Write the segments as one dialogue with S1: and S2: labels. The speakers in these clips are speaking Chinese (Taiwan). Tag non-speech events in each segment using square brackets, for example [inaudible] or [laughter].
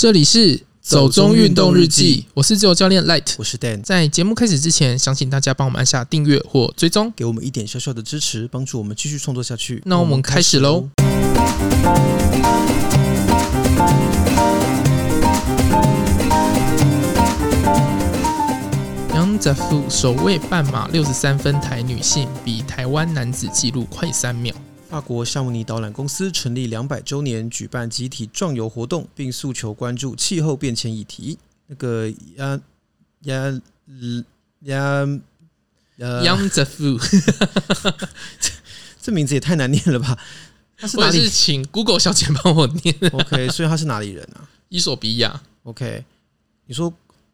S1: 這裡是走鐘運動日記，日記我是自由教練 Light，我是 Dan。在節目開始之前，想請大家幫我們按下訂閱或追蹤，給我們一點小小的支持，幫助我們繼續創作下去。那我們開始嘍！Yalemzerf 首位半馬六十三分台女性，比台灣男子紀錄快三秒。
S2: 法國霞慕尼導覽公司成立兩百週年，舉辦集體壯遊活動，並訴求關注氣候變遷議題。那個呀呀，嗯呀，Yalemzerf， [laughs] 這名字也太難念了吧？他是哪裡？我是請 Google 小姐幫我念。 [laughs] OK，所以他是哪裡人啊？伊索比亞、啊。OK，你說。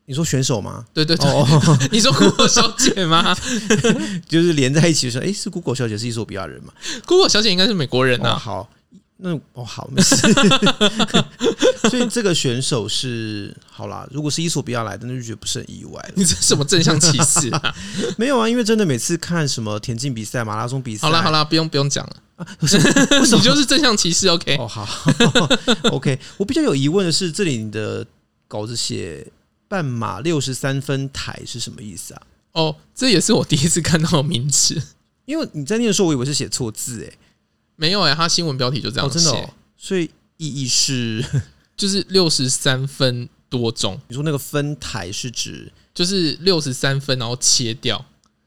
S2: 你說選手嗎？對對對，哦哦，你說 Google 小姐嗎？
S1: [laughs]
S2: 就是連在一起說，哎、欸，是 Google 小姐是伊索比亞人嗎？Google 小姐應該是美國人吶、啊哦。好，那哦好沒事。 [laughs] 所以這個選手是好啦。如果是伊索比亞來的，那就覺得不是很意外。你這什麼正向歧視、啊？ [laughs] 沒有啊，因為真的每次看什麼田徑比賽、馬拉松比賽、好啦，好啦，不用不用講
S1: 了啊。 [laughs] 你就是正向歧視，OK？哦好
S2: 哦，OK。我比較有疑問的是，這裡你的稿子寫。半馬六十三分台是什麼意思啊？
S1: 哦，這也是我第一次看到的名詞，因為你在念的時候，我以為是寫錯字，哎，沒有哎，它新聞標題就這樣寫，哦，真的哦？所以意義是？就是六十三分多鐘。你說那個分台是指就是六十三分，然後切掉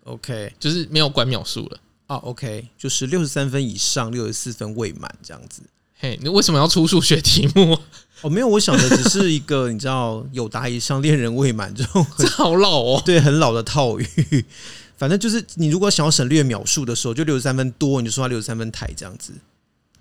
S1: ，OK，就是沒有關秒數了，哦，OK，就是六十三分以
S2: 上，六十四分未滿這樣子。
S1: 嘿、hey，你為什麼要出數學題目？哦，沒有，我想的只是
S2: 一個， [laughs] 你知道，友達以上，戀人未滿這種，這好老哦。對，很老的套語。反正就是，你如果想要省略秒數的時候，就六十三分多，你就說他六十三分台這樣子。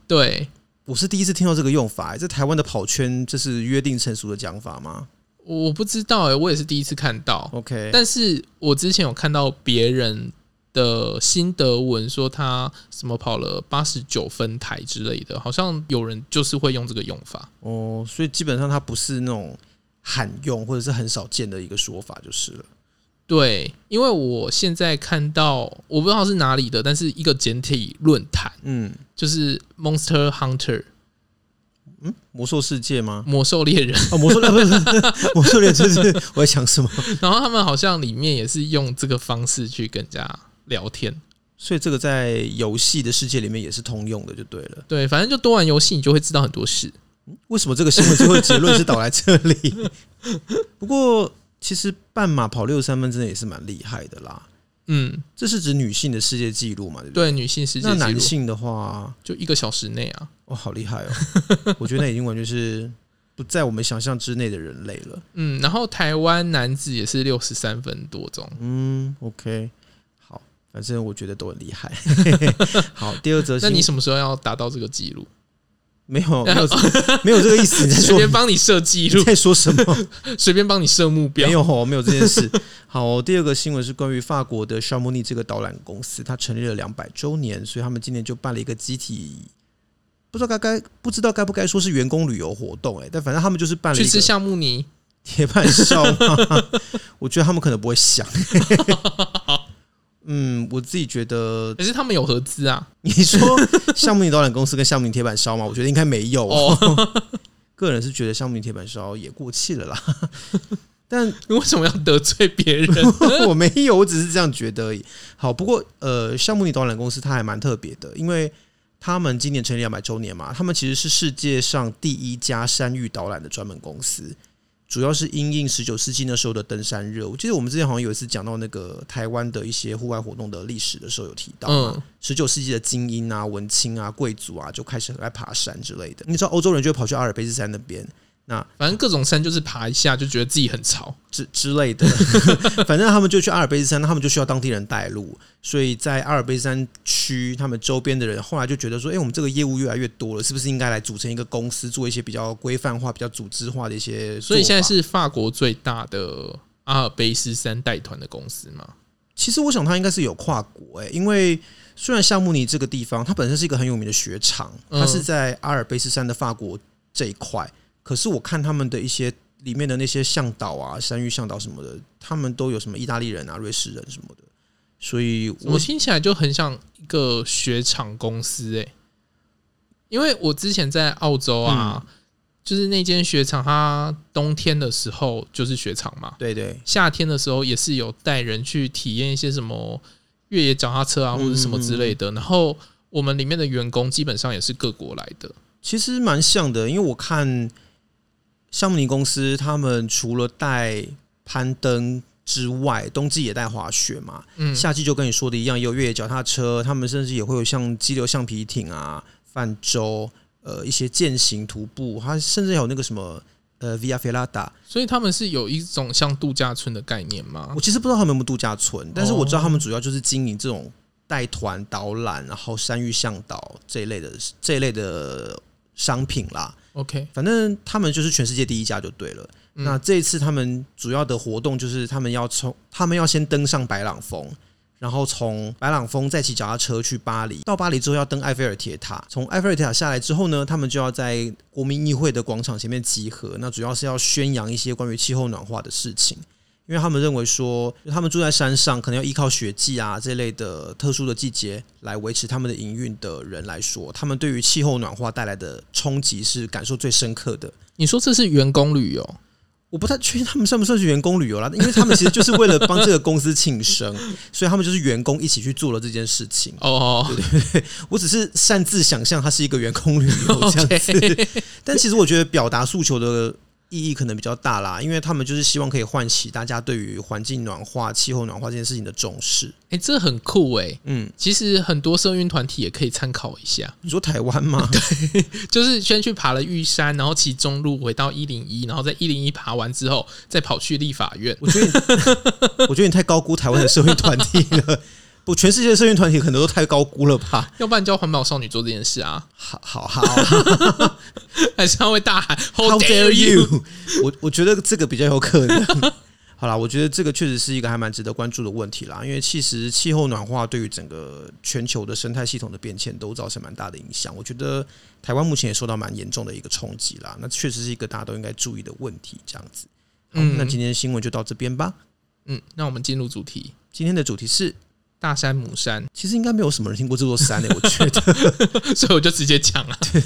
S2: 對，我是第一次聽到這個用法，這台灣的跑圈，就是約定成熟的講法嗎？
S1: 我不知道哎、欸，我也是第一次看到。OK，但是我之前有看到別人。的新德文說他什麼跑了八十九分台之類的。好像有人就是會用這個用法哦，所以基本上他不是那種罕用，或者是很少見的一個說法，就是了。對，因為我現在看到，我不知道是哪裡的，但是一個簡體論壇，嗯，就是《Monster Hunter》，嗯，魔獸世界嗎？魔獸獵人、哦、啊，魔獸獵人，魔獸獵人，我在想什麼？然後他們好像裡面也是用這個方式去更加。聊天，所以這個在遊戲的世界裡面也是
S2: 通用的，就對了。
S1: 對，反正就多玩遊戲，你就會知道很多事。為什麼這個新聞就會結論是倒來這裡？ [laughs]
S2: [laughs] 不過其實半馬跑六十三分之內也是蠻厲害的啦。嗯，這是指女性的世界紀錄嘛對不對？對，女性世界那男性的話，
S1: 就一個小時內啊，哇、哦，好厲害哦！ [laughs] 我覺得那已經完全是不在我們想象之內的人類了。嗯，然後台灣男子也是六十三分多鐘。嗯，OK。反正我覺得都很厲害。 [laughs] 好，第二則。那你什麼時候要達到這個記錄？沒有，沒有這個，沒有這個意思。隨便幫你設記錄，你在說什麼？隨便幫你設目標？沒有，哦，沒有這件事。好，哦，第二個新聞是
S2: 關於法國的霞慕尼這個導覽公司，它成立了兩百周年，所以他們今年就辦了一個集體，不知道該該不知道該不該說是員工旅遊活動哎，欸，但反正他們就是辦了一個去吃夏
S1: 慕尼鐵板燒。
S2: [laughs] 我覺得他們可能不會想。 [laughs] 嗯，我自己覺得，可是他們有合資啊？你說霞慕尼導覽公司跟夏慕尼鐵板燒嗎？我覺得應該沒有哦。個人是覺得夏慕尼鐵板燒也過氣了啦。但為什麼要得罪別人？我沒有，我只是這樣覺得而已。好，不過呃，霞慕尼導覽公司它還蠻特別的，因為他們今年成立兩百周年嘛，他們其實是世界上第一家山域導覽的專門公司。主要是因應十九世紀那時候的登山熱，我記得我們之前好像有一次講到那個台灣的一些戶外活動的歷史的時候有提到，嗯、十九世紀的精英啊、文青啊、貴族啊就開始很愛爬山之類的。你知道歐洲人就會跑去阿爾卑斯山那邊。
S1: 那反正各種山就是爬一下就覺得自己很潮之之類的， [laughs]
S2: 反正他們就去阿爾卑斯山，他們就需要當地人帶路，所以在阿爾卑斯山區，他們周邊的人後來就覺得說，誒、欸，我們這個業務越來越多了，是不是應該來組成一個公司，做一些比較規範化、比較組織化的一
S1: 些？所以現在是法國最大的阿爾卑斯山帶團的公司嗎？
S2: 其實我想他應該是有跨國誒、欸，因為雖然霞慕尼這個地方它本身是一個很有名的雪場，它是在阿爾卑斯山的法國這一塊。可是我看他們的一些裡面的那些嚮導啊，山域嚮導什麼的，他們都有什麼意大利人啊、瑞士人
S1: 什麼的，所以我，我聽起來就很像一個雪場公司哎、欸，因為我之前在澳洲啊，就是那間雪場，它冬天的時候就是雪場嘛，對對，夏天的時候也是有帶人去體驗一些什麼越野腳踏車啊或者什麼之類的，然後我們裡面的員工基本上也是各國來的，
S2: 其實蠻像的，因為我看。霞慕尼公司他們除了帶攀登之外，冬季也帶滑雪嘛。嗯，夏季就跟你說的一樣，也有越野腳踏車，他們甚至也會有像激流橡皮艇啊、泛舟、呃一些健行徒步，他甚至也有那個什麼呃 Via Ferrata。所以他們是
S1: 有一種像度假村的概念嗎？我
S2: 其實不知道他們有沒有度假村，但是我知道他們主要就是經營這種帶團導覽，然後山域嚮導這一類的這一類的商品啦。OK，反正他們就是全世界第一家就對了，嗯。那這一次他們主要的活動就是他們要從，他們要先登上白朗峰，然後從白朗峰再騎腳踏車去巴黎。到巴黎之後要登埃菲爾鐵塔，從埃菲爾鐵塔下來之後呢，他們就要在國民議會的廣場前面集合。那主要是要宣揚一些關於氣候暖化的事情。因為他們認為說，因為他們住在山上，可能要依靠雪季啊這類的特殊的季節來維持他們的營運的人來說，他們對於氣候暖化帶來的衝擊是感受最深刻的。你說這是員工旅遊？我不太確定他們算不算是員工旅遊啦，因為他們其實就是為了幫這個公司慶生， [laughs] 所以他們就是員工一起去做了這件事情。哦、oh. 對對對，我只是擅自想象他是一個員工旅遊這樣子，okay. 但其實我覺得表達訴求的意義可能比較大啦，因為他們就是希望可以喚起大家對於環境暖化、氣候暖化這件事
S1: 情的重視。哎、欸，這很酷哎、欸！嗯，其實很多社運團體也可以參考一下。你說台灣嗎？對，就是先去爬了玉山，然後騎中路回到一零一，然後在一零一爬完之後，再跑去立法院。我覺得
S2: 你， [laughs] 我覺得你太高估台灣的社運團體了。我、哦、全世界的社群團體可能都太高估了吧？
S1: 要不然叫環保少女做這件事啊？好好好，好好好好 [laughs] [laughs] 還是她會大喊，How dare you 我。
S2: 我我覺得這個比較有可能。 [laughs] 好啦，我覺得這個確實是一個還蠻值得關注的問題啦。因為其實氣候暖化對於整個全球的生態系統的變遷都造成蠻大的影響。我覺得台灣目前也受到蠻嚴重的一個衝擊啦。那確實是一個大家都應該注意的問題。這樣子好，嗯，那今天的新聞就到這邊吧。嗯，
S1: 那我們進入主題，
S2: 今天的主題是。大山母山其實，應該沒有什麼人聽過這座山嘞，欸，我覺得， [laughs]
S1: 所以我就直接講了。對，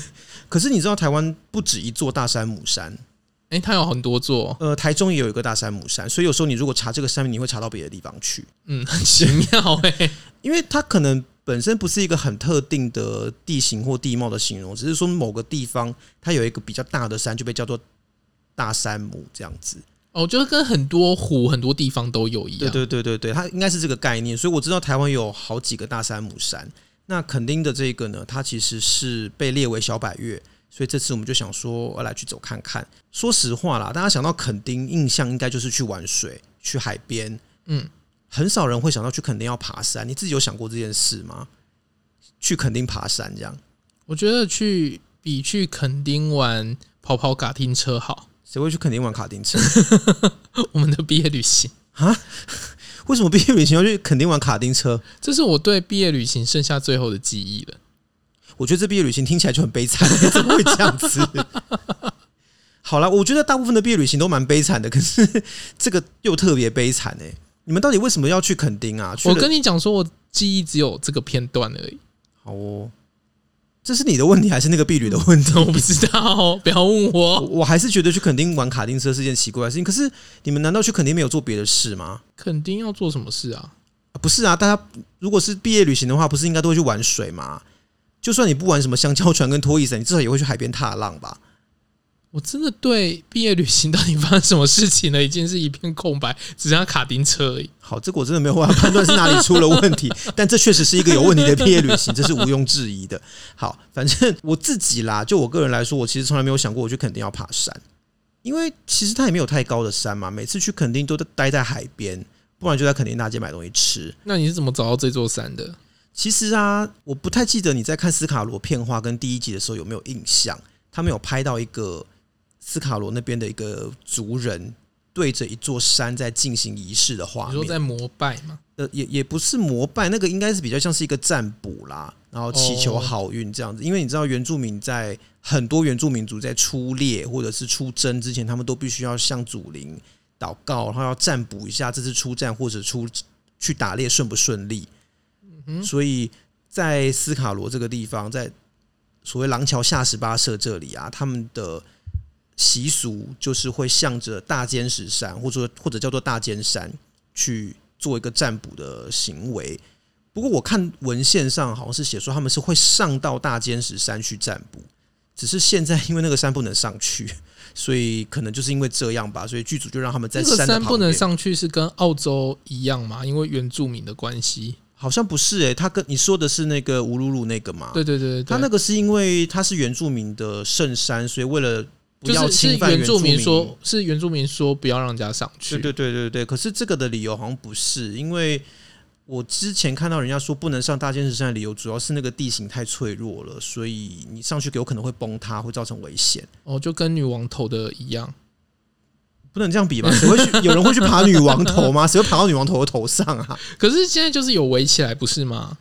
S2: 可是你知道台灣不止一座大山母山，欸，它有很多座。呃，台中也有一個大山母山，所以有時候你如果查這個山名，你會查到別的地方去。
S1: 嗯，很奇妙，
S2: 欸，因為它可能本身不是一個很特定的地形或地貌的形容，只是說某個地方它有一個比較大的山就被叫做大山母這樣子。
S1: 哦，就是跟很多湖、
S2: 很多地方都有一樣。對對對
S1: 對對，它應該
S2: 是這個概念。所以我知道台灣有好幾個大山母山，那墾丁的這個呢，它其實是被列為小百岳。所以這次我們就想說我來去走看看。說實話啦，大家想到墾丁印象應該就是去玩水、去海邊，嗯，很少人會想到去墾丁要爬山。你自己有想過這件事嗎？去墾丁爬山這樣？
S1: 我覺得去比去墾丁玩跑跑卡丁車好。誰會去墾丁玩卡丁車？ [laughs] 我們的畢業旅行啊？
S2: 為什麼畢業旅行要去墾丁玩卡丁車？這是我對畢業旅行剩下最後的記憶了。我覺得這畢業旅行聽起來就很悲慘，怎麼會這樣子？ [laughs] 好啦，我覺得大部分的畢業旅行都蠻悲慘的，可是這個又特別悲慘哎、欸！你們到底為什麼要去墾丁啊？我跟你
S1: 講，說我記憶只有這個片段而已。好哦。
S2: 這是你的問題還是那個畢旅的問題、嗯？我不知道，不要問我。我,我還是覺得去墾丁玩卡丁車是件奇怪的事情。可是你們難道去墾丁沒有做別的事嗎？墾丁要做什麼事啊？啊不是啊，大家如果是畢業旅行的話，不是應該都會去玩水嗎？就算你不玩什麼香蕉船跟拖曳傘，你至少也會去海邊踏浪吧。
S1: 我真的對畢業旅行到底發生什麼事情了，已經是一片空白，只剩下卡丁車而已。好，這個我真的沒有辦法判斷是哪裡出了問題， [laughs] 但這確實是一個有問題的畢業旅行，這是毋庸
S2: 置疑的。好，反正我自己啦，就我個人來說，我其實從來沒有想過，我去墾丁要爬山，因為其實它也沒有太高的山嘛。每次去墾丁都待在海邊，不然就在墾丁大街買東西吃。那你是怎麼找到這座山的？其實啊，我不太記得你在看斯卡羅片花跟第一集的時候有沒有印象，他們有拍到一個。斯卡羅那邊的一個族人對着一座山在進行儀式的畫面。說，在
S1: 膜拜嘛？
S2: 呃，也也不是膜拜，那個應該是比較像是一個占卜啦，然後祈求好運這樣子。哦。因為你知道，原住民在很多原住民族在出獵或者是出征之前，他們都必須要向祖靈禱告，然後要占卜一下這次出戰或者出去打獵順不順利。嗯
S1: 哼。
S2: 所以在斯卡羅這個地方，在所謂廊橋下十八社這裡啊，他們的。習俗就是會向着大尖石山，或者或者叫做大尖山去做一個占卜的行為。不過我看文獻上好像是寫說他們是會上到大尖石山去占卜，只是現在因為那個山不能上去，所以可能就是因為這樣吧。所以劇組就讓他們在山的旁邊。那個山不能
S1: 上去是跟澳洲一樣嗎？因為原住民的關係，
S2: 好像不是誒。他跟你說的是那個烏魯魯那個嘛？對對對對，他那個是因為他是原住民的聖山，所以為了。不要侵犯原住民就是，是原住民說，是原住民說不要讓人家上去。對對對對對。可是這個的理由好像不是，因為我之前看到人家說不能上大尖石山的理由，主要是那個地形太脆弱了，所以你上去有可能會崩塌，會造成危險。
S1: 哦，就跟女王頭的一樣，不能這樣比吧？誰會去 [laughs] 有人會去爬女王頭嗎？
S2: 誰會爬到女王頭的頭上啊？
S1: 可是現在就是有圍起來，不是嗎？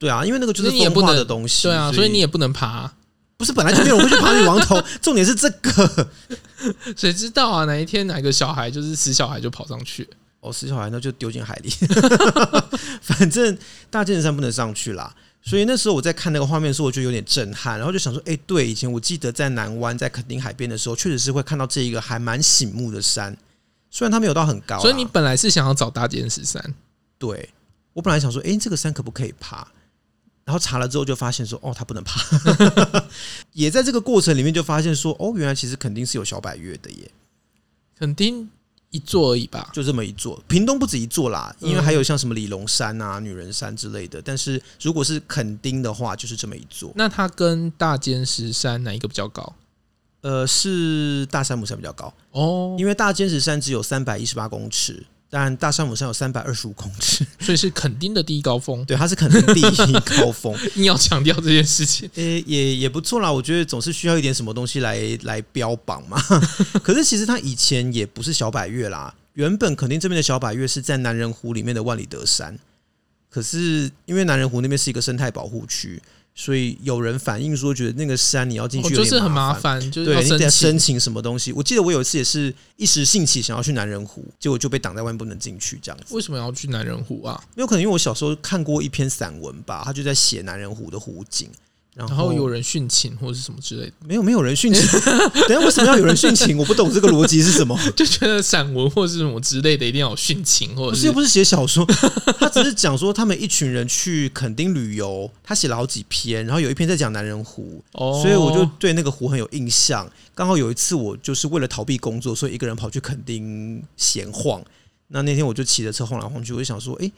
S1: 對啊，因為那個就是風化的東西，對啊，所以你也不能爬。不是本來就沒有人會去爬女王頭， [laughs] 重點是這個，誰知道啊？哪一天哪個小孩就是死小孩就跑上去，哦，死小孩那就丟進海裡。
S2: [laughs] [laughs] 反正大尖石山不能上去啦。所以那時候我在看那個畫面的時候，我就有點震撼，然後就想說，誒、欸，對，以前我記得在南灣在墾丁海邊的時候，確實是會看到這一個還蠻醒目的山，雖然它沒有到很高。所以你本來是想要找大尖石山？對我本來想說，誒、欸，這個山可不可以爬？然後查了之後就發現說哦，他不能爬。 [laughs] 也在這個過程裡面就發現說哦，原來其實墾丁是有小百岳的耶，墾丁一座而已吧，就這麼一座。屏東不止一座啦，因為還有像什麼里龍山啊、女仍山之類的。但是如果是墾丁的話，就是這麼一座。那它跟大尖石山哪一個比較高？呃，是大山母山比較高哦，因為大尖石山只有三百一十八公尺。但，大山母山有三百二十五公尺，所以是墾丁的第一高峰。 [laughs] 對，它是墾丁第一高峰
S1: [laughs] 你要強調這件事情。欸。呃，
S2: 也也不錯啦。我覺得總是需要一點什麼東西來來標榜嘛。 [laughs] 可是其實他以前也不是小百岳啦，原本墾丁這邊的小百岳是在南仁湖裡面的萬里德山，可是因為南仁湖那邊是一個生態保護區。所以有人反映說，覺得那個山你要進去就是很麻煩，就是在申請什麼東西。我記得我有一次也是一時興起想要去男人湖，結果就被擋在外面不能進去這樣
S1: 子。為什麼要去男人湖啊？
S2: 有可能因為我小時候看過一篇散文吧，他就在寫男人湖的湖景。然後有
S1: 人殉情或是什麼之類的，沒有沒有人殉情。 [laughs] 等一下為什麼要有人殉情？我不懂這個邏輯是什麼。 [laughs] 就覺得散文或是什麼之類的一定要殉情，或者不是不是，寫小說，
S2: 他只是講說他們一群人去墾丁旅遊，他寫了好幾篇，然後有一篇在講男人湖，所以我就對那個湖很有印象。剛好有一次我就是為了逃避工作，所以一個人跑去墾丁閒晃，那那天我就騎着車晃來晃去，我就想說，哎，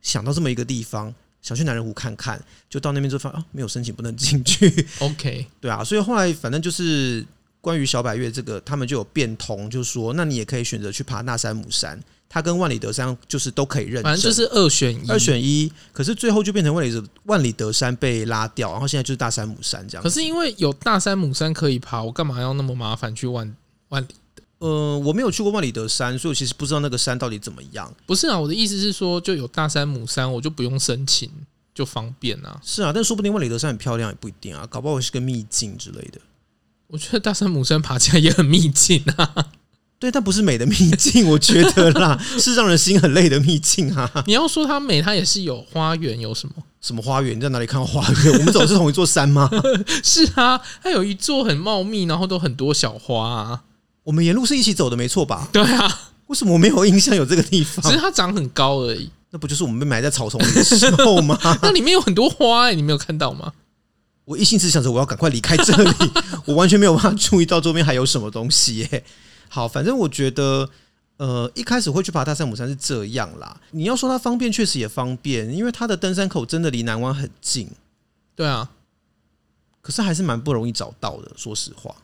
S2: 想到這麼一個地方。想去南仁湖看看，就到那邊就發現啊，沒有申請不能進去 okay。OK，對啊，所以後來反正就是關於小百岳這個，他們就有變通，就說那你也可以選擇去爬大山姆山，它跟萬里德山就是都可以認，反正就是
S1: 二選一，二選
S2: 一。可是最後就變成萬里萬里德山被拉掉，然後現在就是大山姆山這樣。可是因
S1: 為有大山姆山可以爬，我幹嘛要那麼麻煩去萬萬里？呃，我沒有去過萬里德山，所以我其實不知道那個山到底怎麼樣。不是啊，我的意思是說，就有大
S2: 山母山，我就不用申請，就方便啊。是啊，但說不定萬里德山很漂亮也不一定啊，搞不好是個秘境之類的。
S1: 我覺得大山母山爬起來也很秘境啊。
S2: 對，但不是美的秘境，我覺得啦， [laughs] 是讓人心很累的秘境啊。你要說
S1: 它美，它也是有花園，有什麼？什麼花園？你在哪裡看到花園？我們總是同一座山嗎？ [laughs] 是啊，它有一座很茂密，然後都很多小花啊。我們沿路是一起走的，沒錯吧？對啊，
S2: 為什麼我沒有印象有這個地
S1: 方？只是它長很高而已。那不就
S2: 是我們被埋在草叢裡的時候嗎？ [laughs] 那裡面有很多花、欸，誒，你沒有看到嗎？我一心只想着我要趕快離開這裡， [laughs] 我完全沒有辦法注意到周邊還有什麼東西、欸。誒，好，反正我覺得，呃，一開始會去爬大山母山是這樣啦。你要說它方便，確實也方便，因為它的登山口真的離南灣很近。對啊，
S1: 可是還是蠻不容易找到的，說實話。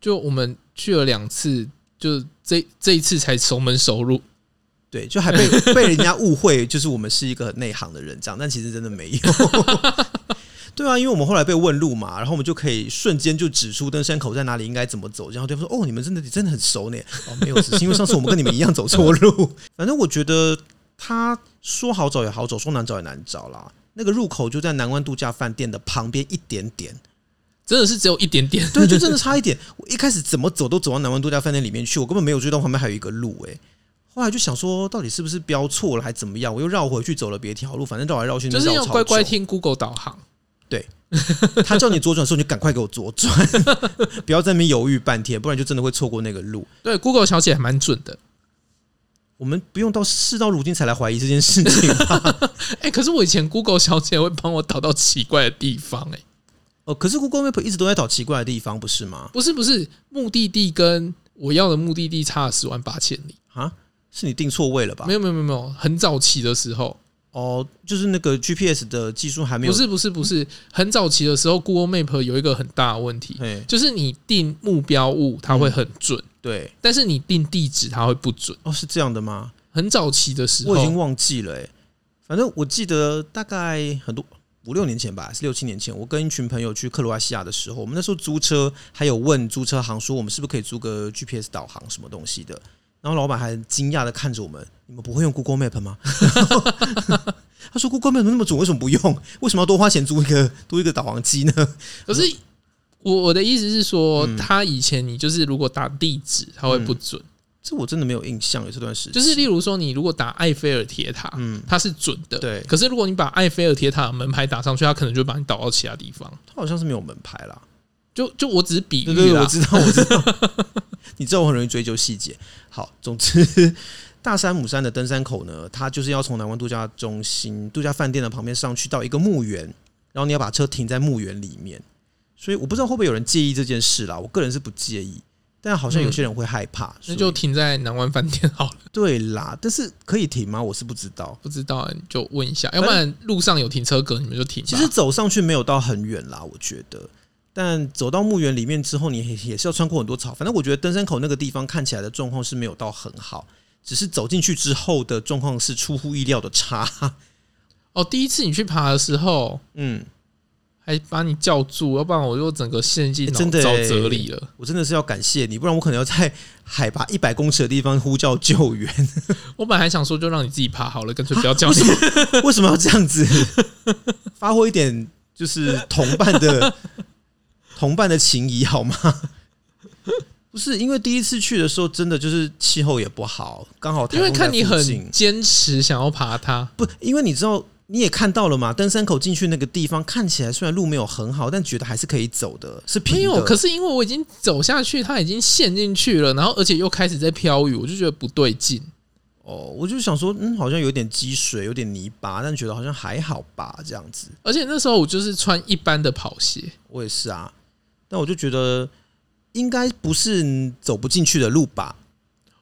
S1: 就我們去了兩次，就這這一次才熟門熟路，對，就還被被人家誤會， [laughs] 就
S2: 是我們是一個很內行的人這樣，但其實真的沒有。 [laughs] 對啊，因為我們後來被問路嘛，然後我們就可以瞬間就指出登山口在哪裡，應該怎麼走，然後對方說：“哦，你們真的真的很熟呢。”哦，沒有，是因為上次我們跟你們一樣走錯路。 [laughs] 反正我覺得他說好走也好走，說難走也難走啦。那個入口就在南灣度假飯店的旁邊一點點。
S1: 真的是只有一點點，
S2: 對，就真的差一點。我一開始怎麼走都走到南灣度假飯店裡面去，我根本沒有注意到旁邊還有一個路哎、欸。後來就想說，到底是不是標錯了，還怎麼樣？我又繞回去走了別條路，反正繞來繞去真的要乖乖
S1: 聽 Google 導航。
S2: 對，他叫你左轉的時候，你就趕快給我左轉， [laughs] 不要在那邊猶豫半天，不然就真的會錯過那個路對。
S1: 對，Google 小姐還蠻準的，我們不用到事到如今才來懷疑這件事情。哎、 [laughs] 欸，可是我以前 Google 小姐會幫我導到奇怪的地方哎、欸。哦，可是 Google Map 一直都在找奇怪的地方，不是嗎？不是，不是，目的地跟我要的目的地差了十萬八千里啊！是你定錯位了吧？沒有，沒有，沒有，沒有。很早期的時候，哦，就是那個 GPS 的技術還沒有。不是，不是，不是、嗯、很早期的時候，Google Map 有一個很大的問題，嗯、就是你定目標物，它會很準、嗯，對。但是你定地址，它會不準。哦，是這樣的嗎？很早期的時候，我已經忘記了、欸，哎，
S2: 反正我記得大概很多。五六年前吧，是六七年前，我跟一群朋友去克羅埃西亞的時候，我們那時候租車，還有問租車行說我們是不是可以租個 GPS 導航什麼東西的，然後老板還驚訝地看着我們，你們不會用 Google Map 嗎？
S1: [laughs] [laughs] 他說 Google Map 怎麼那麼準，為什麼不用？為什麼要多花錢租一個多一個導航機呢？可是我我的意思是說、嗯，他以前你就是如果打地址，他會不準。嗯這我真的沒有印象有這段時間，就是例如說，你如果打埃菲爾鐵塔，嗯，它是準的，對。可是如果你把埃菲爾鐵塔的門牌打上去，它可能就會把你導到其他地方。
S2: 它好像是沒有門牌啦，
S1: 就就我只是比喻對，對我知道，我知道， [laughs] 你知道我很容易追
S2: 究細節。好，總之大山姆山的登山口呢，它就是要從南灣度假中心度假飯店的旁邊上去到一個墓園，然後你要把車停在墓園裡面。所以我不知道會不會有人介意這件事啦，我個人是不介意。但好像有些人會害怕，
S1: 嗯、所以那就停在南灣飯店好了。對啦，但是可以停嗎？我是不知道，不知道你就問一下。要不然路上有停車格，你們就停。其實走上去沒有到很遠啦，我覺
S2: 得。但走到墓園裡面之後，你也是要穿過很多草。反正我覺得登山口那個地方看起來的狀況是沒有到很好，只是走進去之後的狀況是出乎意料的差。
S1: 哦，第一次你去爬的時候，嗯。哎，把你叫住，要不然我就整個獻祭的遭哲理了，欸欸。我真的是要感謝你，不然我可能要在海
S2: 拔一百公尺的地方呼叫救援。
S1: [laughs] 我本來還想說，就讓你自己爬好了，乾脆不要叫你。啊、為什
S2: 麼為什麼要這樣子？
S1: 發揮一點就是同伴的
S2: [laughs] 同伴的情誼好嗎？不是，因為第一次去的時候，真的就是氣候也不好，剛好因為看你很堅持想要爬它，不因為你知道。你也看到了嘛？登山口進去那個地方看起來雖然路沒有很好，但覺得還是可以走的。
S1: 是偏有，可是因為我已經走下去，它已經陷進去了，然後而且又開始在飄雨，我就覺得不對勁。哦，我就想說，嗯，好像有點積水，有點
S2: 泥巴，但覺得好像還好吧，這樣子。而且那時候我就是穿一般的跑鞋，我也是啊。但我就覺得應該不是走不進去的路吧。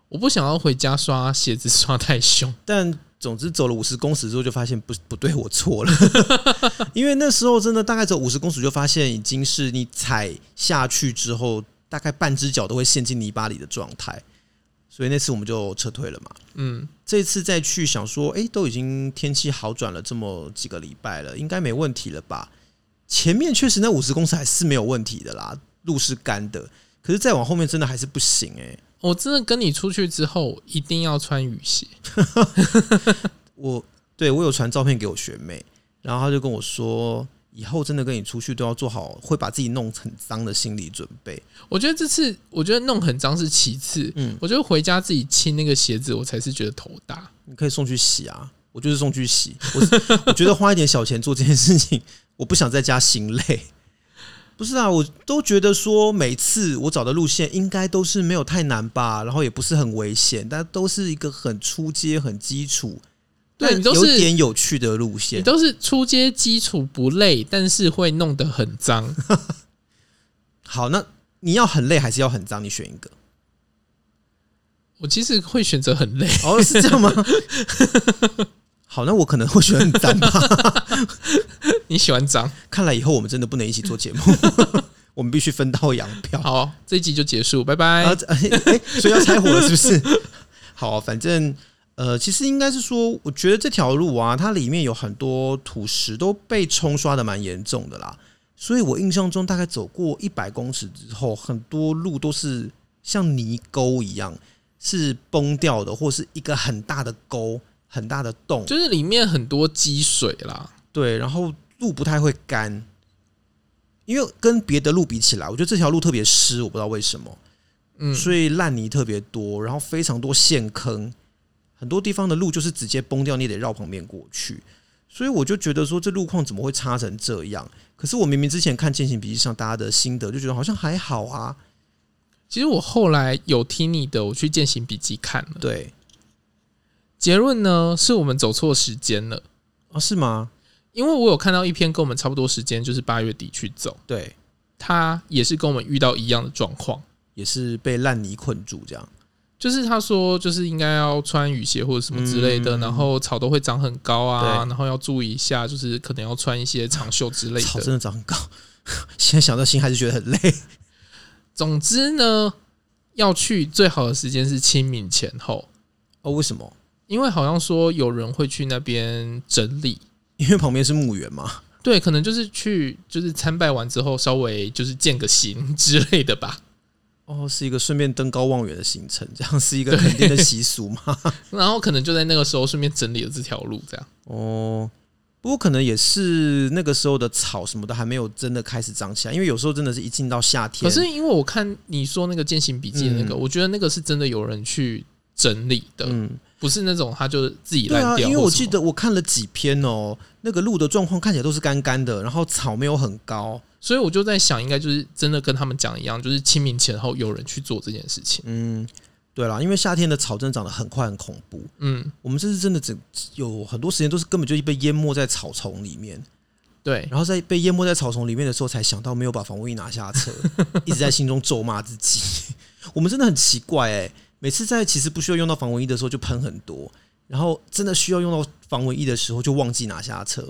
S2: 我不想要回家刷鞋子，刷太凶，但。總之，走了五十公尺之後，就發現不不對，我錯了， [laughs] 因為那時候真的大概走五十公尺就發現，已經是你踩下去之後，大概半隻腳都會陷進泥巴裡的狀態，所以那次我們就撤退了嘛。嗯，這次再去想說，哎、欸，都已經天氣好轉了這麼幾個禮拜了，應該沒問題了吧？前面確實那五十公尺還是沒有問題的啦，路是乾的。可是再往後面真的還是不行誒、欸，
S1: 我真的跟你出去之後一定要穿雨鞋
S2: [laughs] 我對，我對，我有傳照片給我學妹，然後她就跟我說，以後真的跟你出去都要做好
S1: 會把自己弄很髒的心理準備。我覺得這次我覺得弄很髒是其次，嗯，我覺得回家自己清那個鞋子，我才是覺得頭大。你可以送去洗啊，我就是送去
S2: 洗。我我覺得花一點小錢做這件事情，我不想在家心累。不是啊，我都覺得說每次我找的路線應該都是沒有太難吧，
S1: 然後也不是很危險，但都是一個很初階、很基礎，
S2: 對你都是有點有
S1: 趣的路線，都是初階基礎不累，但是會弄得很髒。
S2: [laughs] 好，那你要很累還是要很髒？你選一個。
S1: 我其實會選擇很累。哦，是這樣嗎？ [laughs]
S2: 好，那我可能會喜歡髒吧？
S1: [laughs] 你喜歡髒？ [laughs] 看來以後我們真的不能一起做節目
S2: [laughs] 我們必須分道揚鑣。好，這一集就結束，拜拜。啊欸欸、所以要拆夥了，是不是？好，反正呃，其實應該是說，我覺得這條路啊，它裡面有很多土石都被沖刷得蠻嚴重的啦。所以我印象中，大概走過一百公尺之後，很多路都是像泥溝一樣，是崩掉的，或是一個很大的溝。很大的洞，就是裡面很多積水啦。對，然後路不太會乾，因為跟別的路比起來，我覺得這條路特別濕，我不知道為什麼。
S1: 嗯，所
S2: 以爛泥特別多，然後非常多陷坑，很多地方的路就是直接崩掉，你得繞旁邊過去。所以我就覺得說，這路況怎麼會差成這樣？可是我明明之前看健行筆
S1: 記上大家的心得，就覺得好像還好啊。其實我後來有聽你的，我去健行筆記看了。對。結論呢，是我們走錯時間了。啊，是嗎？因為我有看到一篇跟我們差不多時間，就是八月底去走，對，他也是跟我們遇到一樣的狀況，也是被爛泥困住這樣。就是他說，就是應該要穿雨鞋或者什麼之類的，嗯，然後草都會長很高啊，然後要注意一下，就是可能要穿一些長袖之類的。草真的長很高，現在想到心還是覺得很累。總之呢，要去最好的時間是清明前後。哦，為什麼？因為好像說有人會去那邊整理，因為旁邊是墓園嘛。對，可能就是去，就是參拜完之後，稍微就是健個行之類的吧。哦，是一個順便登高望遠的行
S2: 程，這樣是一個肯定的習俗嘛。
S1: [laughs] 然後可能就在那個時候順便整理了這條路，這樣。
S2: 哦，不過可能也是那個時候的草什麼的還沒有真的開始長起
S1: 來，因為有時候真的是一進到夏天。可是因為我看你說那個健行筆記的那個，嗯、我覺得那個是真的有人去整理的。嗯。不是那種，他就自己爛掉，對啊。因為我記得我看了幾篇哦、喔，那個路的狀況看起來都是乾乾的，然後草沒有很高，所以我就在想，應該就是真的跟他們講一樣，就是清明前後有人去做這件事情。嗯，對啦，因為夏天的草真的長得很快，很恐怖。嗯，我們甚至真的，只有很多時間都
S2: 是根本就被淹沒在草叢裡面。對，然後在被淹沒在草叢裡面的時候，才想到沒有把防霧衣拿下車， [laughs] 一直在心中咒罵自己。我們真的很奇怪哎、欸。每次在其實不需要用到防蚊液的時候就噴很多，然後真的需要用到防蚊液的時候就忘記拿下車，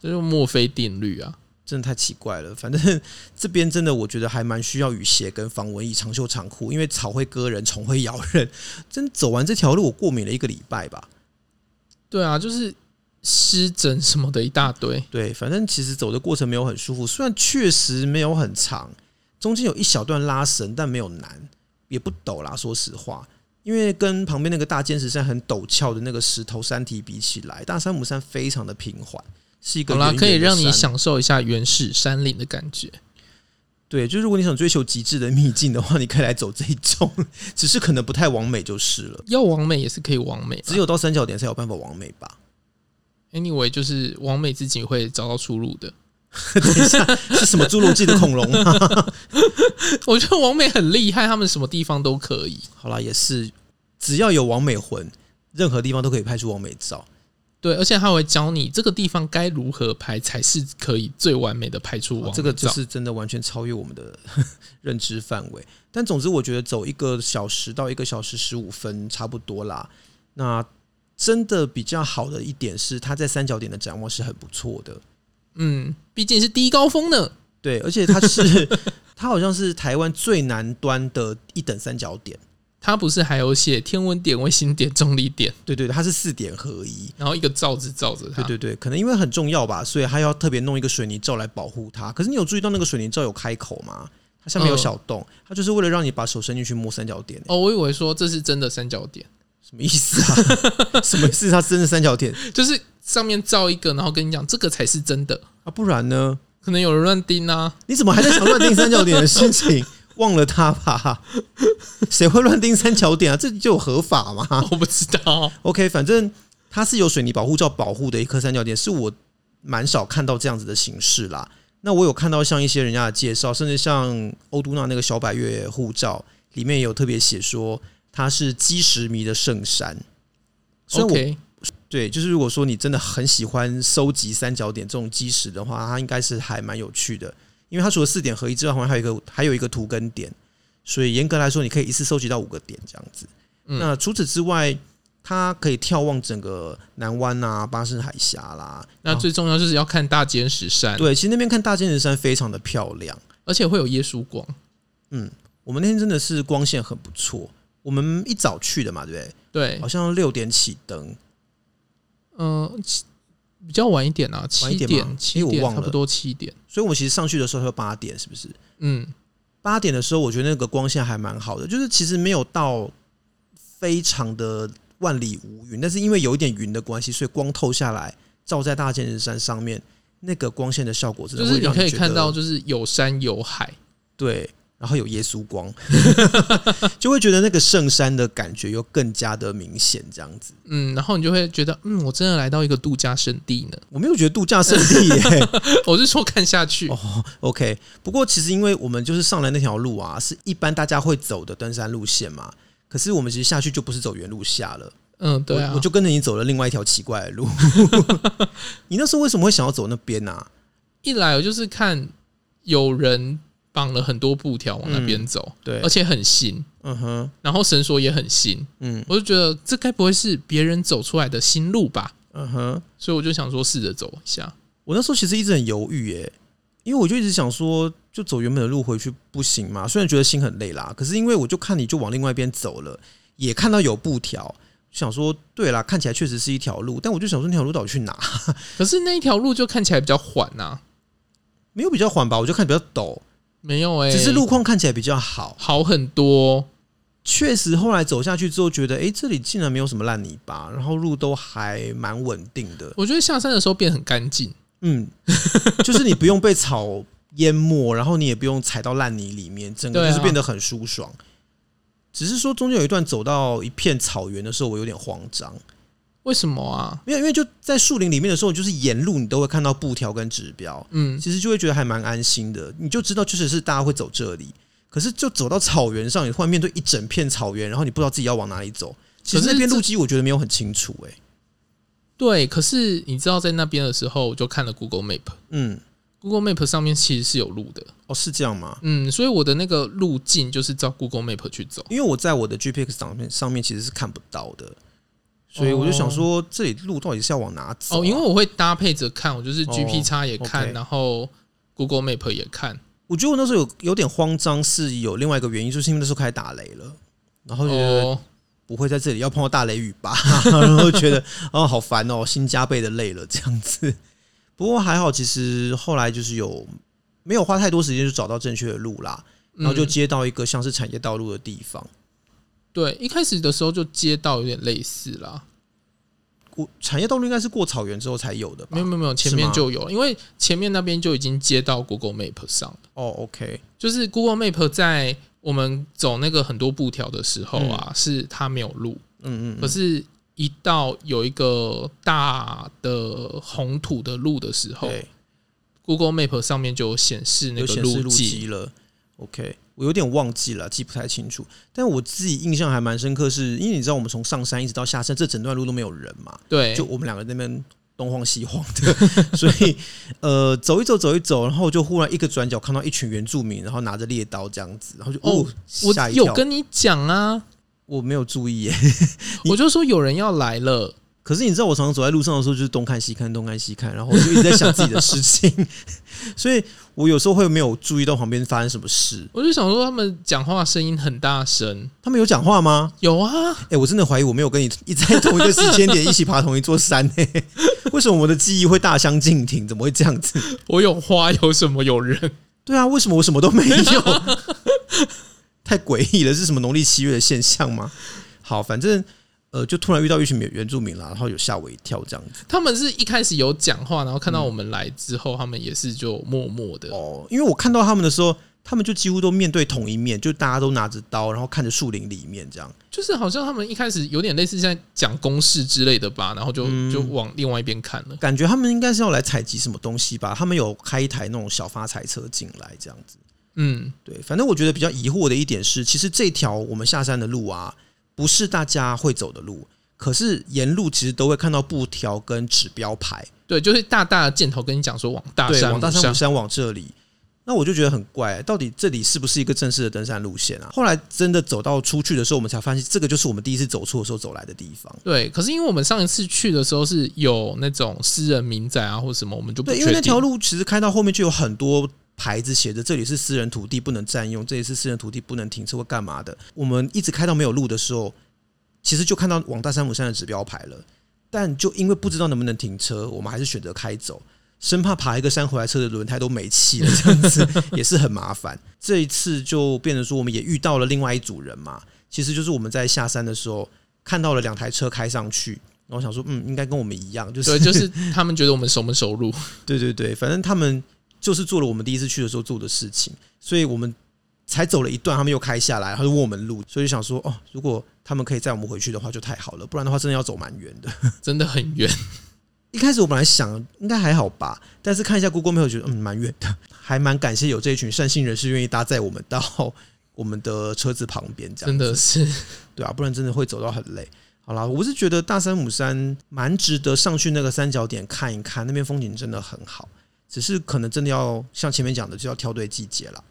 S2: 這就墨菲定律啊，真的太奇怪了。反正這邊真的我覺得還蠻需要雨鞋跟防蚊液、長袖長褲，因為草會割人，蟲會咬人。真走完這條路，我過敏了一個禮拜吧。
S1: 對啊，就是濕疹什麼的一大堆。對，反正其實走的過程沒有很舒服，雖然確實
S2: 沒有很長，中間有一小段拉繩，但沒有難。也不陡啦，說實話，因為跟旁邊那個大尖石山很陡峭的那個石頭山體比起來，大山母山非常的平緩，是一個圓圓可以讓你享
S1: 受一下原始山林的感覺。
S2: 對，就如果你想追求極致的秘境的話，你可以來走這一種，只是可能不
S1: 太完美就是了。要完美也是可以完美，只有到三角點才有辦法完美吧。Anyway，就是完美自己會找到出路的。 [laughs] 等一下，是什麼侏羅紀的恐龍？我覺得王美很厲害，他們什麼地方都可以。好啦，
S2: 也是，只要有王美魂，任何地方都可以拍出王美照。
S1: 對，而且他會教你這個地方該如何拍才是可以最完美的拍出王美照。王。這個就是真
S2: 的，完全超越我們的認知範圍。但總之，我覺得走一個小時到一個小時十五分差不多啦。那真的比較好的一點是，他在三角點的展望是很不錯的。
S1: 嗯，畢竟是第一高峰呢。
S2: 對，而且它是，它好像是台灣最南端的一等三角點。它不是還有寫天文點、衛星點、重力點？對對對，它是四點合一，
S1: 然後一個罩子罩着它。對對
S2: 對，可能因為很重要吧，所以它要特別弄一個水泥罩來保護它。可是你有注意到那個水泥罩有開口嗎？它下面有小洞，它就是為了讓你把手伸進去摸三角點。
S1: 哦，我以為說這是真的三角點，什麼意思啊？ [laughs] 什麼是
S2: 它、啊、真的三角點？
S1: 就是。上面照一個，然後跟你講這個才是真的啊！不然呢，可能有人亂釘吶、啊。你怎麼還在想亂釘三角點的事情？
S2: [laughs] 忘了他吧， [laughs] 誰會亂釘三角點啊？這就合法嗎？我不知道。OK，反正它是有水泥保護罩保護的一顆三角點，是我蠻少看到這樣子的形式啦。那我有看到像一些人家的介紹，甚至像歐都娜那個小百岳護照裡面也有特別寫說它是基石迷的聖山。
S1: OK。
S2: 對，就是如果說你真的很喜歡收集三角點這種基石的話，它應該是還蠻有趣的。因為它除了四點合一之外，好像還有一個還有一個圖根點，所以嚴格來說，你可以一次收集到五個點這樣子，嗯。那除此之外，它可以眺望整個南灣啊、巴士海
S1: 峽啦。那最重要就是要看大尖石山。對，
S2: 其實那邊看大尖石山非常的漂亮，而且會有耶穌光。嗯，我們那天真的是光線很不錯。我們一早去的嘛，對不對？對，好像六點起登。
S1: 嗯、呃，比較晚一點、啊、晚一點因為、欸、我忘了，差不多
S2: 七點。所以，我們其實上去的時候他是八點，是不是？
S1: 嗯，
S2: 八點的時候，我覺得那個光線還蠻好的，就是其實沒有到非常的萬里無雲，但是因為有一點雲的關係，所以光透下來照在大尖石山上面，那個光線的效果真的，真就是你可以看到，
S1: 就是有山有海，對。然後有耶穌光， [laughs]
S2: 就會覺得那個聖山的感覺又更加的明顯，這樣子。
S1: 嗯，然後你就會覺得，嗯，我真的來到一個度假勝地呢。我沒有覺得度假勝地，我是說看下去，oh。哦，OK。不
S2: 過其實因為我們就是上來那條路啊，是一般大家會走的登山路線嘛。可是我們其實下去就不是走原路下了。
S1: 嗯，對啊，我，我就
S2: 跟着你走了另外一條奇怪的路。 [laughs] 你那時候為什麼會想要走那邊呢？啊？
S1: 一來我就是看有人。綁了很多布條往那邊走、嗯，對，而且很新，嗯哼，然後繩索也很新，嗯，我就覺得這該不會是別人走出來的新路吧，嗯哼，所以我就想說試着走一下。我那時候其實一直很猶豫、欸，哎，因為我就一直想說，
S2: 就走原本的路回去不行嗎？雖然覺得心很累啦，可是因為我就看你就往另外一邊走了，也看到有布條，想說對啦，看起來確實是一條路，但我就想說那條路到底去哪？
S1: [laughs] 可是那一條路就看起來比較緩吶、啊，沒有比較緩吧？我就看比較陡。沒有誒、欸，只是路況看起來比較好，好很多。確實，後來
S2: 走下去之後，覺得哎、欸，這裡竟然沒有什麼爛泥巴，然後路都還蠻穩定的。我
S1: 覺得下山的時候變很乾淨，
S2: 嗯，就是你不用被草淹沒，然後你也不用踩到爛泥裡面，整個就是變得很舒爽。啊、只是說中間有一段走到一片草原的時候，我有點慌張。為什麼啊？沒有，因為就在樹林裡面的時候，就是沿路你都會看到布條跟指標，嗯，其實就會覺得還蠻安心的，你就知道確實是大家會走這裡。可是就走到草原上，你忽然面對一整片草原，然後你不知道自己要往哪裡走。其實那邊路基我覺得沒有很清楚，欸，
S1: 哎，對，可是你知道在那邊的時候，我就看了 Google Map，嗯，Google Map 上面其實是有路的，哦，是這樣嗎？嗯，所以我的那個路徑就是照 Google Map 去走，因為我在我的 GPX 上
S2: 面上面其實是看不到的。所以我就想說，這裡路到底是要往哪走？哦，
S1: 因為我會搭配着看，我就是 GPX 也看，然後 Google Map 也看。
S2: 我覺得我那時候有有點慌張，是有另外一個原因，就是因為那時候開始打雷了，然後覺得不會在這裡要碰到大雷雨吧？然後覺得啊、哦，好煩哦，心加倍的累了這樣子。不過還好，其實後來就是有沒有花太多時間就找到正確的路啦，
S1: 然後就接
S2: 到一個像是產業道路的地方。
S1: 對，一開始的時候就接到有點類似啦。過產業道路應該是過草原之後才有的。沒有沒有沒有，前面就有，因為前面那邊就已經接到 Google Map 上了。哦，OK，就是 Google Map 在我們走那個很多布條的時候啊，是它沒有路。嗯嗯。可是，一到有一個大的紅土的路的時候，Google Map 上面就顯示那個路跡了。OK，
S2: 我有點忘記了，記不太清楚。但我自己印象還蠻深刻是，是因為你知道我們從上山一直到下山，這整段路都沒有人嘛？對，就我們兩個那邊東晃西晃的， [laughs] 所以呃，走一走，走一走，然後就忽然一個轉角看到一群原住民，然後拿着獵刀這樣子，然後就哦，哦我下一，我有跟
S1: 你講啊，
S2: 我沒有注意，我就說有人要來了。 [laughs] 可是你知道，我常常走在路上的時候，就是東看西看，東看西看，然後我就一直在想自己的事情，所以我有時候會沒有注意到旁邊發生什麼事。
S1: 我就想說，他們講話聲音很大聲，他們有講話嗎？
S2: 有啊、欸。誒，我真的懷疑我沒有跟你一在同一個時間點一起爬同一座山，欸。為什麼我們的記憶會大相徑庭？怎麼會這樣子？我有花，有什麼有人？對啊，為什麼我什麼都沒有？太詭異了，是什麼農曆七月的現象嗎？好，反正。呃，就突然遇到一群原住民了，然後有嚇我一跳這樣子。
S1: 他們是一開始有講話，然後看到我們來之後、嗯，他們也是就默默的哦。因為我看到他們
S2: 的時候，他們就幾乎都面對同一面，就大家都拿着刀，然後看着樹林裡面這樣。
S1: 就是好像他們一開始有點類似在講公式之類的吧，然後就、嗯、就往另外一邊看了。
S2: 感覺他們應該是要來採集什麼東西吧？他們有開一台那種小發財車進來這樣子。嗯，對。反正我覺得比較疑惑的一點是，其實這條我們下山的路啊。不是大家會走的路，可是沿路其實都會看到布條跟指標牌，
S1: 對，就是大大的箭頭跟你講說往大山、往大山、往山、
S2: 往這裡。那我就覺得很怪，到底這裡是不是一個正式的登山路線啊？後來真的走到出去的時候，我們才發現這個就是我們第一次走錯的時候走來的地
S1: 方。對，可是因為我們上一次去的時候是有那種私人民宅啊，或者什麼，我們就不對，因為那條
S2: 路其實開到後面就有很多。牌子寫着這裡是私人土地，不能占用。這裡是私人土地，不能停車或幹嘛的。我們一直開到沒有路的時候，其實就看到往大山姆山的指標牌了，但就因為不知道能不能停車，我們還是選擇開走，生怕爬一個山回來車的輪胎都沒氣了，這樣子也是很麻煩。 [laughs] 這一次就變成說，我們也遇到了另外一組人嘛。其實就是我們在下山的時候看到了兩台車開上去，然後想說，嗯，應該跟我們一樣，就是就是他們覺得我們熟門熟路， [laughs] 對對對，反正他們。就是做了我們第一次去的時候做的事情，所以我們才走了一段，他們又開下來，他就問我們路，所以想說哦，如果他們可以載我們回去的話，就太好了。不然的話，真的要走蠻遠的，真的很
S1: 遠 [laughs] 。
S2: 一開始我本來想應該還好吧，但是看一下 Google 沒有，覺得嗯蠻遠的，還蠻感謝有這一群善心人士願意搭載我們到我們的車子旁邊，這樣真的是對啊，不然真的會走到很累。好啦，我是覺得大山母山蠻值得上去那個三角點看一看，那邊風景真的很好。只是可能真的要像前面講的，就要挑對季節
S1: 啦，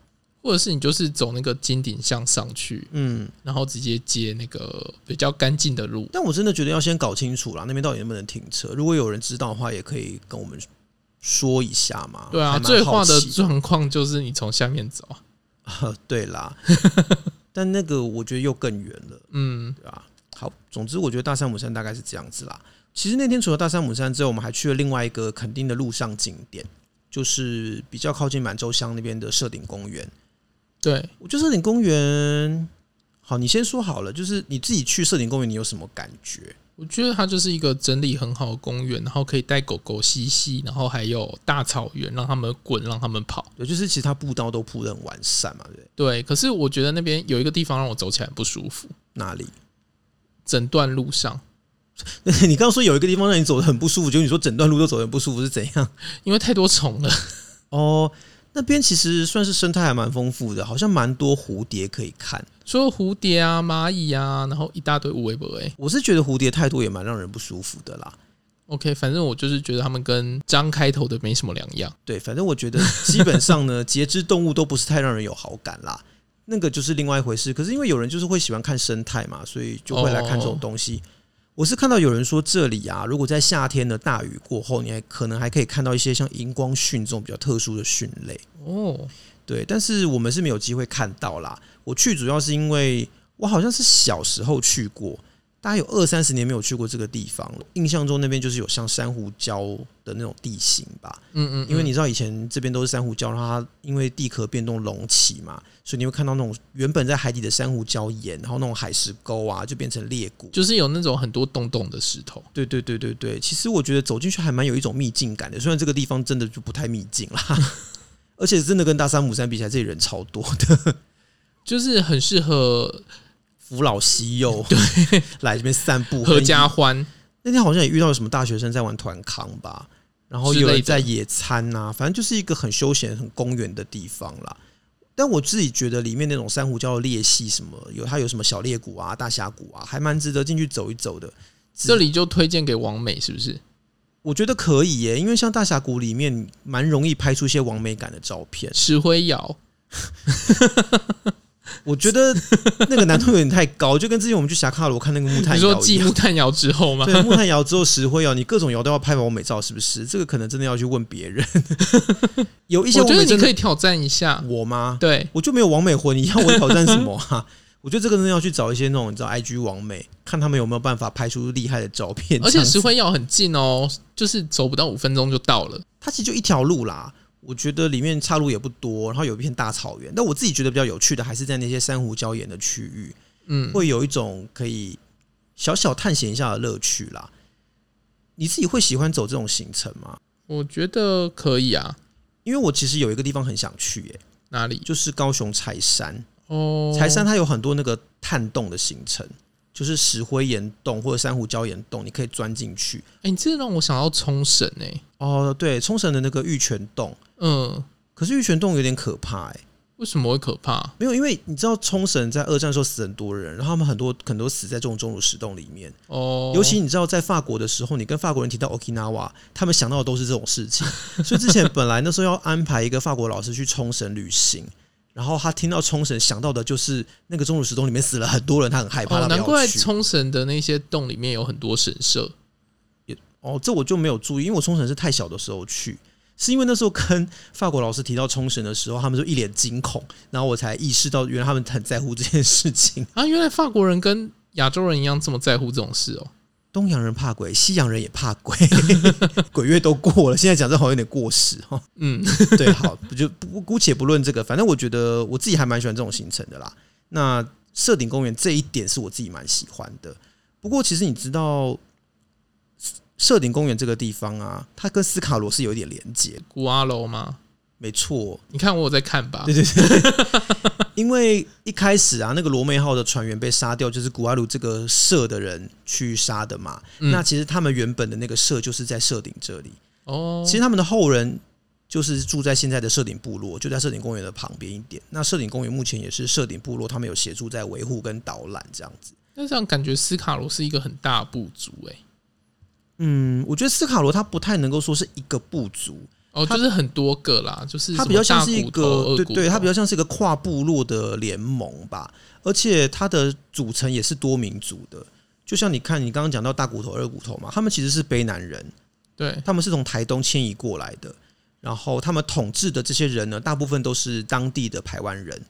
S1: 或者是你就是走那個金頂向上去，嗯，然後直接接那個比較乾淨的路。但我真的覺得要先搞清楚啦，那邊到底能不能停車。如果有人知道的話，也
S2: 可以跟我們說一下嘛。對啊，好，最壞的狀
S1: 況就是你從下面走
S2: 啊，對啦， [laughs] 但那個我覺得又更遠了，嗯，對啊。好，總之我覺得大山母山大概是這樣子啦。其實那天除了大山母山之後，我們還去了另外一個墾丁的陸上景點，就是比較靠近滿洲鄉那邊的社頂公園，對，我覺得社頂公園好，你先說好了，就是你自己去社頂公園，你有什麼感覺？
S1: 我覺得它就是一個整理很好的公園，然後可以帶狗狗嬉戲，然後還有大草原，讓它們滾，讓它們跑。對，就是其他步道都鋪得很完善嘛，對對，可是我覺得那邊有一個地方讓我走起來不舒服，哪裡？整段路上。
S2: 你剛剛說有一個地方讓你走的很不舒服，就是你說整段路都走的很不舒服是怎樣？因為太多蟲了哦、oh。那邊其實算是生態還蠻豐富的，好像蠻多蝴蝶可以看，
S1: 說蝴蝶啊、螞蟻啊，然後一大堆烏龜、不哎。我是覺得蝴蝶太多也蠻讓人不舒服的啦。OK，反正我就是覺得他們跟張開頭的沒什麼兩樣。對，反正我覺得基本上呢，節 [laughs] 肢動物都不
S2: 是太讓人有好感啦。那個就是另外一回事。可是因為有人就是會喜歡看生態嘛，所以就會來看這種東西。Oh. 我是看到有人說這裡啊，如果在夏天的大雨過後，你還可能還可以看到一些像熒光蕈這種比較特殊的蕈類哦。對，但是我們是沒有機會看到啦。我去主要是因為我好像是小時候去過。大概有二三十年沒有去過這個地方了，印象中那邊就是有像珊瑚礁的那種地形吧？嗯嗯，因為你知道以前這邊都是珊瑚礁，然後它因為地殼變動隆起嘛，所以你會看到那種原本在海底的珊瑚礁岩，然後那種海蝕溝啊，就變成裂谷，就是有那種很多洞洞的石頭。對對對對對,對，其實我覺得走進去還蠻有一種秘境感的，雖然這個地方真的就不太秘境啦，而且真的跟大山母山比起來，這裡人超多的，就是很適合。扶老攜幼，對，來這邊散步，合家歡。那天好像也遇到有什麼大學生在玩團康吧，然後有人在野餐啊，反正就是一個很休閒、很公園的地方啦。但我自己覺得裡面那種珊瑚礁的裂隙，什麼，有它有什麼小裂谷啊、大峽谷啊，還蠻值得進去走一走的。這裡就推薦給網美，是不是？我覺得可以耶、欸，因為像大峽谷裡面，蠻容易拍出一些網美感的照片。石灰窯。 [laughs] [laughs] [laughs] 我覺得那個難度有點太高，就跟之前我們去霞喀羅看那個木炭窯，你說繼木炭
S1: 窯之後嗎？對，木炭窯
S2: 之後石灰窯，你各種窯都要拍完美照，是不是？這個可能真的要去問別人。
S1: 有一些我覺得你可以挑戰一下我嗎？
S2: 對，我就沒有網美魂，你要我挑戰什麼哈、啊，我覺得這個真的要去找一些那種你知道 IG 網美，看他們有沒有辦法拍出厲害的照片。而且石灰窯很近哦，就是走不到五分鐘就到了。它其實就一條路啦。我覺得裡面岔路也不多，然後有一片大草原。但我自己覺得比較有趣的還是在那些珊瑚礁岩的區域，
S1: 嗯，會
S2: 有一種可以小小探險一下的樂趣啦。你自己會喜歡走這種行程嗎？我覺得可以啊，因為我其實有一個地方很想去耶、欸。哪裡？就是高雄柴山
S1: 哦，柴山它
S2: 有很多那個探洞的行程，就是石灰岩洞或者珊瑚礁岩洞，你可以鑽進去。哎、欸，你真的讓我想到沖繩哎。哦，對，沖繩的那個玉泉洞。嗯，可是玉泉洞有點可怕哎、欸，為什麼會可怕？沒有，因為你知道沖繩在二戰的時候死很多人，然後他們很多很多死在這種鐘乳石洞裡面哦。尤其你知道在法國的時候，你跟法國人提到 Okinawa，他們想到的都是這種事情。 [laughs] 所以之前本來那時候要安排一個法國老師去沖繩旅行，然後他聽到沖繩想到的就是那個鐘乳石洞裡面死了很多人，他很害怕、哦。難怪
S1: 沖繩的那些洞裡面有很多神社也哦，這我就沒有注意，因為我沖
S2: 繩是太小的時候去。是因為那時候跟法國老師提到沖繩的時候，他們就一臉驚恐，然後我才意識到，原來他們很在乎這件事情
S1: 啊！原來法國人跟亞洲人一樣這麼在乎這種事哦。
S2: 東洋人怕鬼，西洋人也怕鬼， [laughs] 鬼月都過了，現在講這好像有點過時哦。嗯，對，好，就不就不姑且不論這個，反正我覺得我自己還蠻喜歡這種行程的啦。那社頂公園這一點是我自己蠻喜歡的，不過其實你知道。社頂公園這個地方啊，它跟斯卡羅是有一點連接。古阿羅嗎？沒錯，你
S1: 看我有在看吧。對對對，
S2: [laughs] 因為一開始啊，那個羅妹號的船員被殺掉，就是古阿魯這個社的人去殺的嘛，嗯。那其實他們原本的那個社就是在社頂這裡。哦，
S1: 其實他們
S2: 的後人就是住在現在的社頂部落，就在社頂公園的旁邊一點。那社頂公園目前也是社頂部落，他們有協助在維護跟導覽這樣子。
S1: 那這樣感覺斯卡羅是一個很大的部族，欸，哎。
S2: 嗯，我覺得斯卡羅他不太能夠說是一個部族
S1: 哦，他、就是很多個啦，就是他比較像是一個對對，他比較
S2: 像是一個跨部落的聯盟吧，而且他的組成也是多民族的。就像你看，你剛剛講到大骨頭、二骨頭嘛，他們其實是卑南人，對，他們是從台東遷移過來的，然後他們統治的這些人呢，大部分都是當地的台灣人。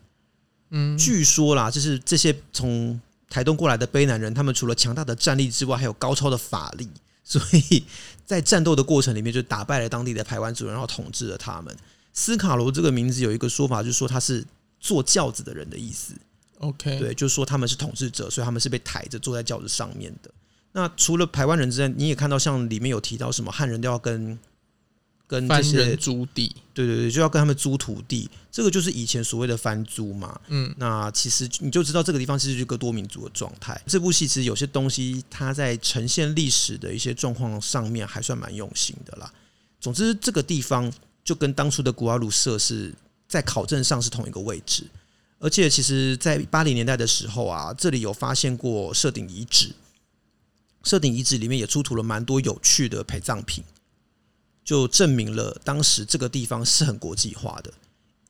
S1: 嗯，據
S2: 說啦，就是這些從台東過來的卑南人，他們除了強大的戰力之外，還有高超的法力。所以在戰鬥的過程裡面，就打敗了當地的排灣族人，然後統治了他們。斯卡羅這個名字有一個說法，就是說他是坐轎子的人的意思。
S1: OK，對，
S2: 就是說他們是統治者，所以他們是被抬着坐在轎子上面的。那除了排灣人之外，你也看到像裡面有提到什麼漢人都要跟。跟番人租地，對對對，就要跟他們租土地，這個就是以前所謂的番租嘛。嗯，那其實你就知道這個地方其實就是一個多民族的狀態。這部戲其實有些東西，它在呈現歷史的一些狀況上面，還算蠻用心的啦。總之，這個地方就跟當初的龜仔甪社是在考證上是同一個位置，而且其實在八零年代的時候啊，這裡有發現過社頂遺址，社頂遺址裡面也出土了蠻多有趣的陪葬品。就證明了當時這個地方是很國際化的，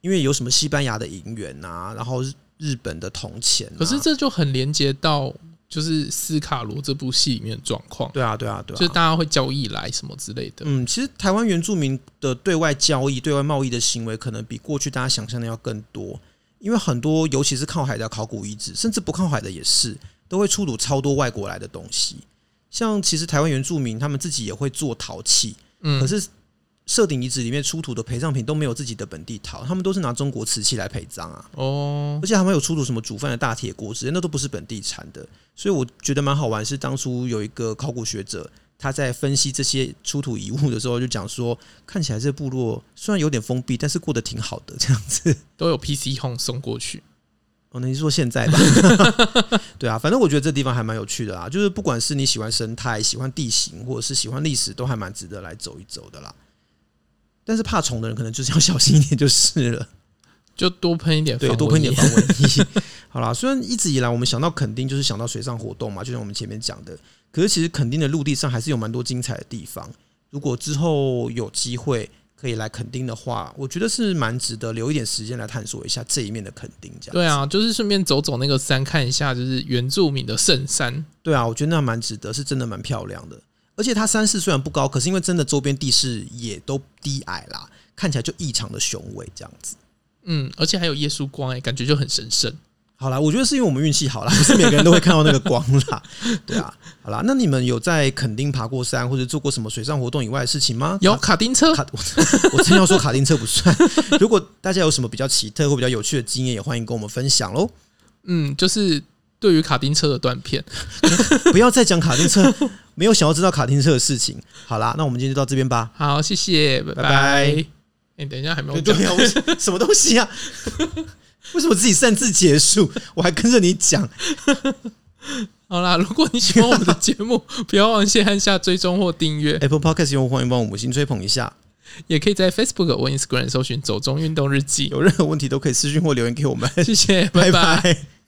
S2: 因為有什麼西班牙的銀元啊，然後日本的銅錢，可是
S1: 這就很連接到就是斯卡羅這部戲裡面的狀況。對啊，對啊，對啊，就大家會交易來什麼之類的。嗯，其實
S2: 台灣原住民的對外交易、對外貿易的行為，可能比過去大家想象的要更多，因為很多尤其是靠海的考古遺址，甚至不靠海的也是，都會出土超多外國來的東西。像其實台灣原住民他們自己也會做陶器。嗯，可是社頂遺址裡面出土的陪葬品都沒有自己的本地陶，他們都是拿中國瓷器來陪葬啊。
S1: 哦，而
S2: 且他們有出土什麼煮飯的大鐵鍋子，那都不是本地產的。所以我覺得蠻好玩，是當初有一個考古學者，他在分析這些出土遺物的時候，就講說，看起來這部落雖然有點封閉，但是過得挺好的，這樣子都有 PC home 送過去。哦，那你說現在吧， [laughs] 對啊，反正我覺得這地方還蠻有趣的啊，就是不管是你喜歡生態、喜歡地形，或者是喜歡歷史，都還蠻值得來走一走的啦。但是怕蟲的人可能就是要小心一點就是了，就多噴一點，對，多噴一點防蚊液。蚊液 [laughs] 好啦，雖然一直以來我們想到墾丁就是想到水上活動嘛，就像我們前面講的，可是其實墾丁的陸地上還是有蠻多精彩的地方。如果之後有機會，可以來墾丁的話，我覺得是蠻值得留一點時間來探索一下這一面的墾丁，這樣。對啊，
S1: 就是順便走走那個山，看一下就是原住民的聖山。
S2: 對啊，我覺得那蠻值得，是真的蠻漂亮的。而且它山勢雖然不高，可是因為真的周邊地勢也都低矮啦，看起來就異常的雄偉這樣子。嗯，而且還有
S1: 耶穌光誒、欸，感覺就很神聖。
S2: 好啦，我覺得是因為我們運氣好啦，不是每個人都會看到那個光啦，對啊。好啦，那你們有在墾丁爬過山或者做過什麼水上活動以外的事情嗎？有卡丁車，我真要說卡丁車不算。如果大家有什麼比較奇特或比較有趣的經驗，也歡迎跟我們分享嘍。嗯，就是對於卡丁車的斷片， [laughs] 不要再講卡丁車。沒有想要知道卡丁車的事情。好啦，那我們今天就到這邊吧。
S1: 好，謝謝，拜拜。哎、欸，等一下，還沒有講對，對、啊、什麼東西啊？
S2: 為什麼自己擅自結束？ [laughs] 我還跟着你講。
S1: [laughs] 好啦，如果你喜歡我們的節目， [laughs] 不要忘記按下追蹤或訂閱。Apple Podcast 用戶歡迎幫我們新吹捧一下，也可以在 Facebook 或 Instagram 搜尋“走鐘運動日記”。有任何問題都可以私訊或留言給我們。謝謝，拜拜。Bye bye